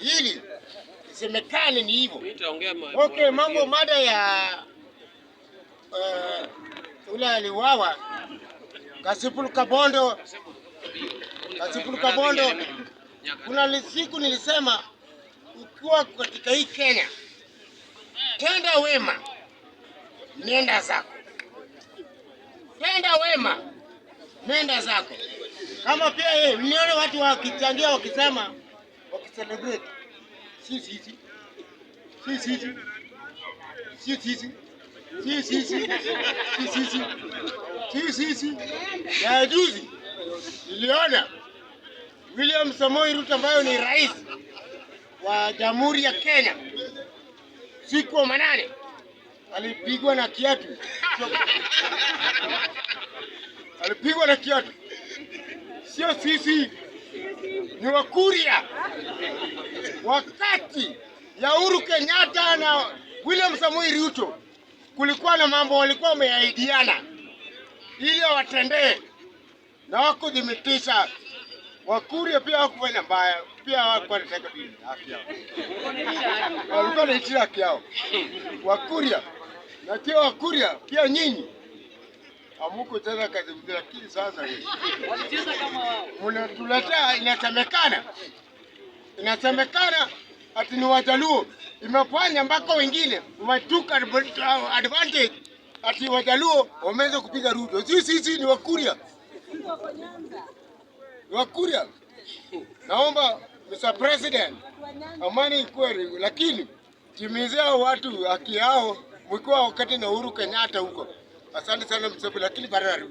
ili isemekane ni hivyo. Okay, mambo mada ya uh, ule aliwawa Kasipul Kabondo, Kasipul Kabondo, kuna siku nilisema ukiwa katika hii Kenya tenda wema nenda zako, tenda wema nenda zako. Kama pia yeye mnione watu wakichangia wakisema celebrate. Na juzi niliona William Samoei Ruto ambayo ni rais wa Jamhuri ya Kenya siku wa manane alipigwa na kiatu alipigwa na kiatu, sio sisi ni Wakuria. Wakati ya Uhuru Kenyatta na William Samoei Ruto kulikuwa na mambo walikuwa wameahidiana ili watendee, na wakudhibitisha Wakuria pia hawakufanya mbaya, pia hawakuwa wanataka haki yao, walikuwa na haki yao Wakuria. Na pia Wakuria pia nyinyi amuko tena kazi mzuri, lakini sasa kama uliotuletea inasemekana inasemekana ati ni Wajaluo, imefanya mpaka wengine watuka uh, advantage ati Wajaluo wameweza kupiga Ruto. Sisi si, ni Wakuria, ni Wakuria. Naomba Mr. President, amani kweli, lakini timizia watu haki yao, mkiwa wakati na Uhuru Kenyatta huko. Asante sana msomi, lakini barara